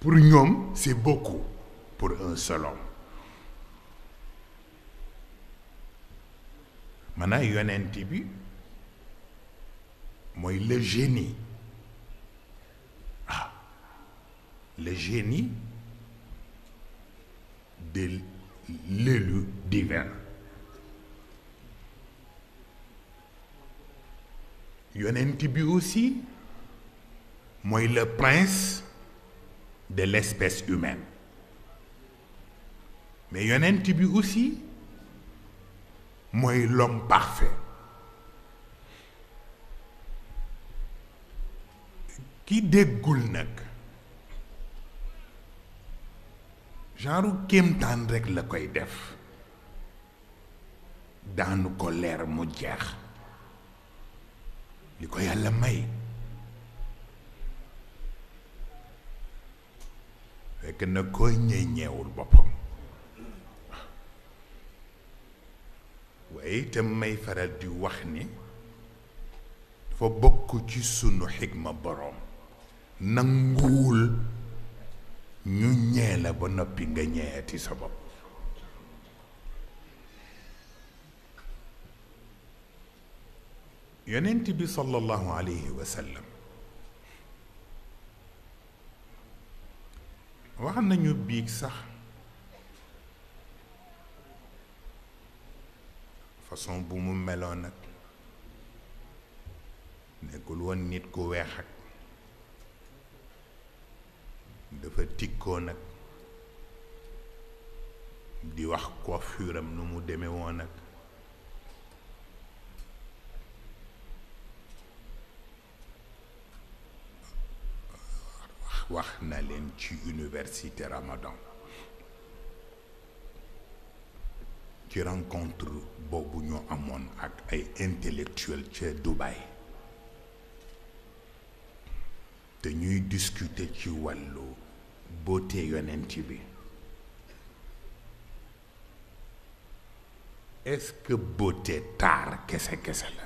pour un homme, c'est beaucoup pour un seul homme Maintenant, il y un yonent bi Moi, le génie ah le génie de l'élu divin un bi aussi Moi, le prince de l'espèce humaine mais y en a un il qui est aussi moi l'homme parfait Qui dégoule nag genre qui rek la koy def nos colères leer mu jeex li a la لكن كوني نيول بابم ويتم مي فرد دي وحني فبكو جي سنو حكم بروم ننقول نيول بنا بنا نيتي سبب يننتي بي صلى الله عليه وسلم wax nañu biig sax façon bu mu meloon nag nekkul woon nit ku weex ak dafa tikkoo nag di wax coiffure am nu mu demee woon nag wax na leen ci université Ramadan ci rencontre boobu ñu amoon ak ay intellectuel ca Dubaï te ñuy discuter ci wàllu beauté yonent bi est-ce que beauté taar kese kese la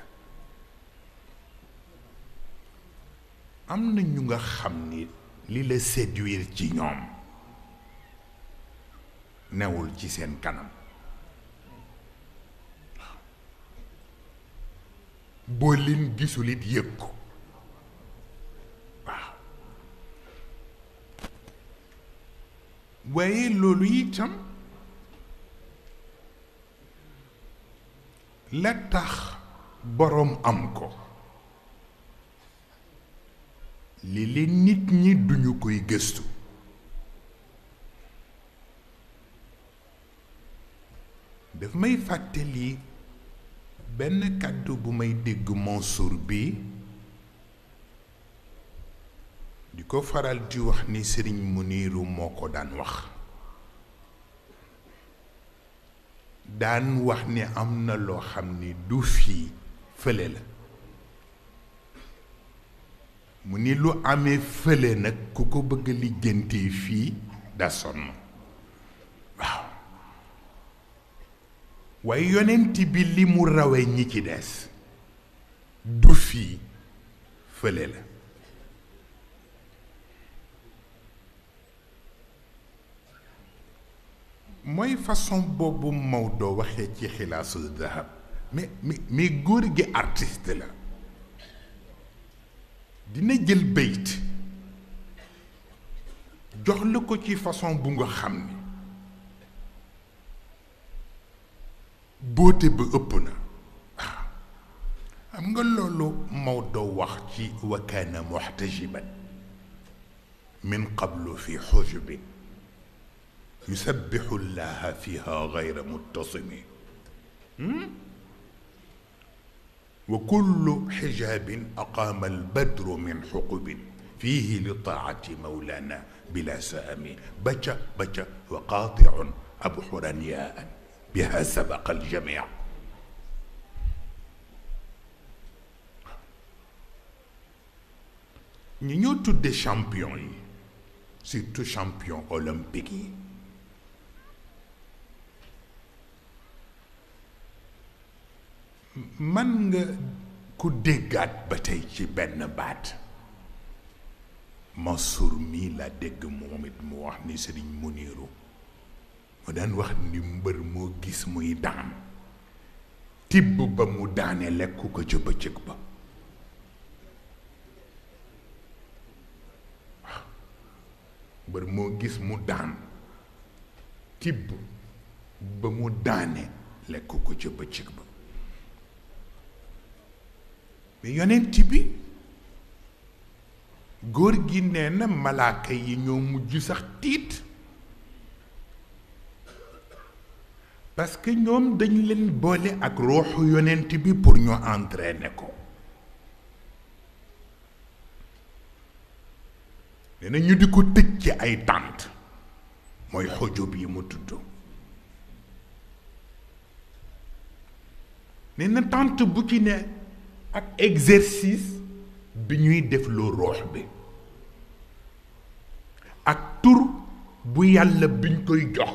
am na ñu nga xam ni li la séduire ci ñoom newul ci seen kanam boo leen gisulit yëg ko waaw waaye loolu itam la tax boroom am ko léeg-léeg nit ñi duñu koy gëstu daf may fàttali benn kàddu bu may dégg Mansour bi di ko faral di wax ni Sëriñ Muniiru moo ko daan wax daan wax ni am na loo xam ni du fii fële la mu ni lu amee fële nag ku ko bëgg lijjante fii da sonn waaw waaye yonent bi li mu rawe ñi ci des du fii fële la mooy façon boobu Maodo waxee ci xilaasul dahab mais mais mais góor gi artiste la dina jël bayt jox la ko ci façon bu nga xam ni boote ba ëpp na am nga loolu do wax ci wa kaana muxtajiban min qablu fi xujubin yusabixu llaha fiha gayra muttasimin وكل حجاب أقام البدر من حقب فيه لطاعة مولانا بلا سأم بجى بجى وقاطع أبحرا ياء بها سبق الجميع ñi ñoo tudde champion yi surtout champion olympique yi man nga ku déggaat ba tey ci benn baat Mansour mii la dégg moom it mu wax ni sëriñ Muniru mu daan wax ni mbër moo gis muy daan tibb ba mu daane lekku ko ca bëccëg ba mbër moo gis mu daan tibb ba mu daane lekku ko ca bëccëg ba mais yonent bi góor gi nee na malaaka yi ñoo mujj sax tiit parce que ñoom dañu leen boole ak ruuxu yonent bi pour ñu entre entraîner ko nee na ñu di ko tëj ci ay tànt mooy xujub yi mu tudd nee na tànt bu ci ne ak exercice bi ñuy def loo roox bi ak tur bu yàlla biñ koy jox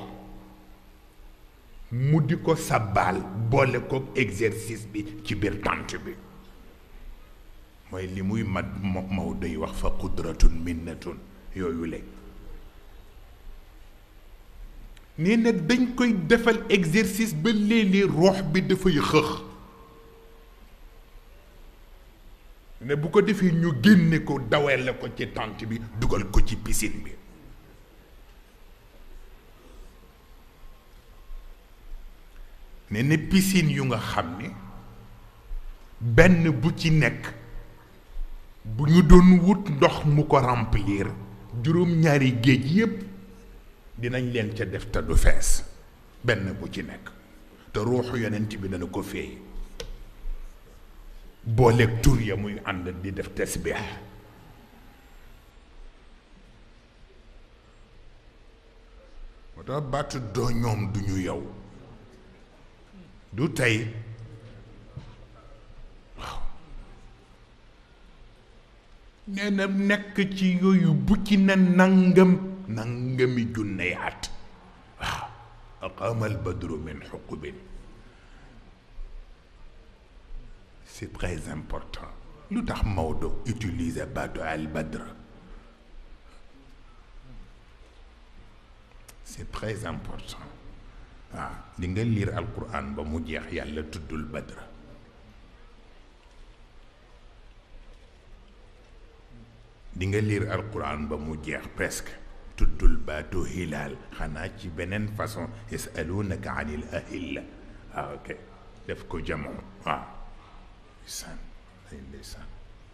mu di ko sabbaal boole ko exercice bi ci biir tànt bi mooy li muy mat maw day wax fa qudratun minnatun yooyu léeg nee na dañ koy defal exercice ba léeg-léeg roox bi dafay xëx ne bu ko defee ñu génne ko dawale ko ci tente bi dugal ko ci piscine bi ne ne piscine yu nga xam ne benn bu ci nekk bu ñu doon wut ndox mu ko remplir juróom-ñaari géej yépp dinañ leen ca def te du fees benn bu ci nekk te ruuxu yonent bi dana ko feey booleeg tur ya muy ànd di def tasbih moo tax baatu doo ñoom du yow du tey waaw nee na nekk ci yooyu bu na nangam nangami junney at waaw aqaamal badru min xuqubin c'est très important lu Maudo utilise utiliser baatu al badr c'est très important ah di nga lire alquran ba mu jeex Yalla tuddul badr di nga lire alquran ba mu jeex presque tuddul baatu Hilal. xanaa ci benen façon yasalunaka anil ahilla Ah, ok def ko jamono waaw ah. Listen. hey, listen,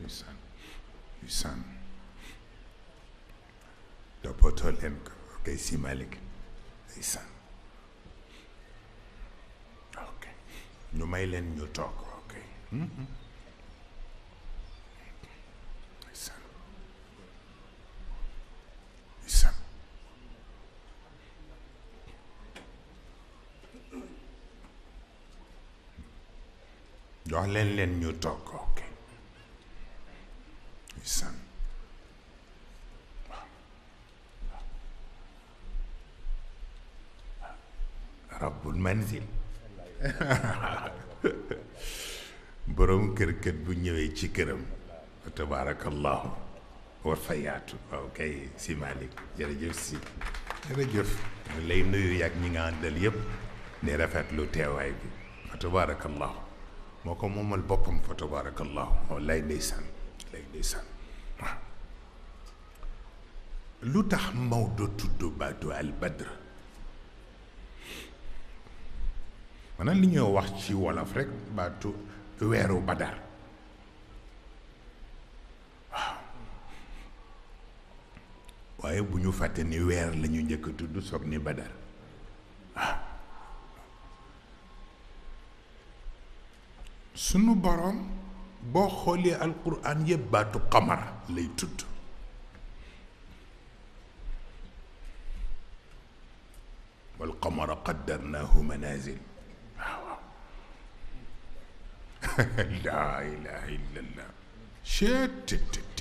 listen, listen. The bottle Okay, see Malik, listen. Okay. You may learn, you talk, okay? Mm-hmm. jox leen leen ñu togg ok san rabbul manzil boroom kërkët bu ñëwee ci këram tabaarakallahu war fa yaatu waaw kay si Malick jërëjëf si jërëjëf lay nuyu yàgg ñi nga àndal yëpp ni rafet lu teewaay bi tabaarakallahu moko momal bopam boppam fa tabarakallahu wallahi ndeysaan lay ndeysaan lutax mawdo tax badu al badr manan li ñoo wax ci wolof rek baatu weeru badar waaw waaye bu ñu fàtte ni weer la ñu njëkk tudd soog ni badar waaw sunu borom boo xoolee alquran yëpp baatu qamar lay tudd wal qamara qaddarnaahu manazil waaw waaw laa ilaha illa allah